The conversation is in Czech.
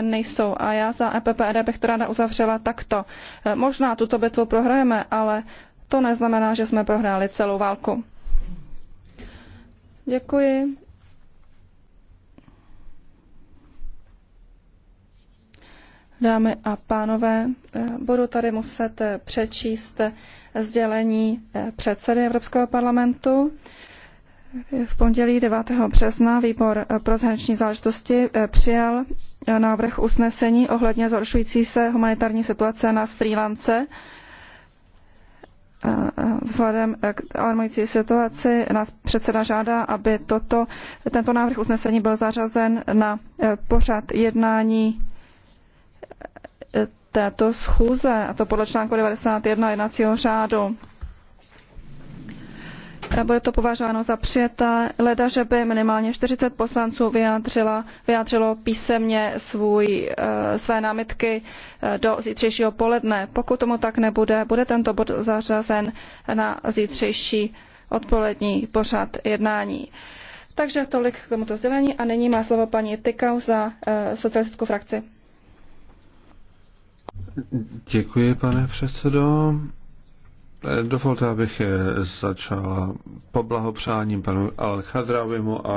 nejsou. A já za EPPR bych to ráda uzavřela takto. Eh, možná tuto bitvu prohrajeme, ale to neznamená, že jsme prohráli celou válku. Děkuji. Dámy a pánové, eh, budu tady muset eh, přečíst sdělení předsedy Evropského parlamentu. V pondělí 9. března výbor pro zahraniční záležitosti eh, přijal eh, návrh usnesení ohledně zhoršující se humanitární situace na Sri Lance. Eh, vzhledem k alarmující situaci nás předseda žádá, aby toto, tento návrh usnesení byl zařazen na pořad jednání této schůze, a to podle článku 91 jednacího řádu bude to považováno za přijeté, leda, že by minimálně 40 poslanců vyjádřila, vyjádřilo písemně svůj, eh, své námitky eh, do zítřejšího poledne. Pokud tomu tak nebude, bude tento bod zařazen na zítřejší odpolední pořad jednání. Takže tolik k tomuto sdělení a nyní má slovo paní Tykau za eh, socialistickou frakci. Děkuji, pane předsedo. Dovolte, abych začala poblahopřáním panu Al-Khadrawimu a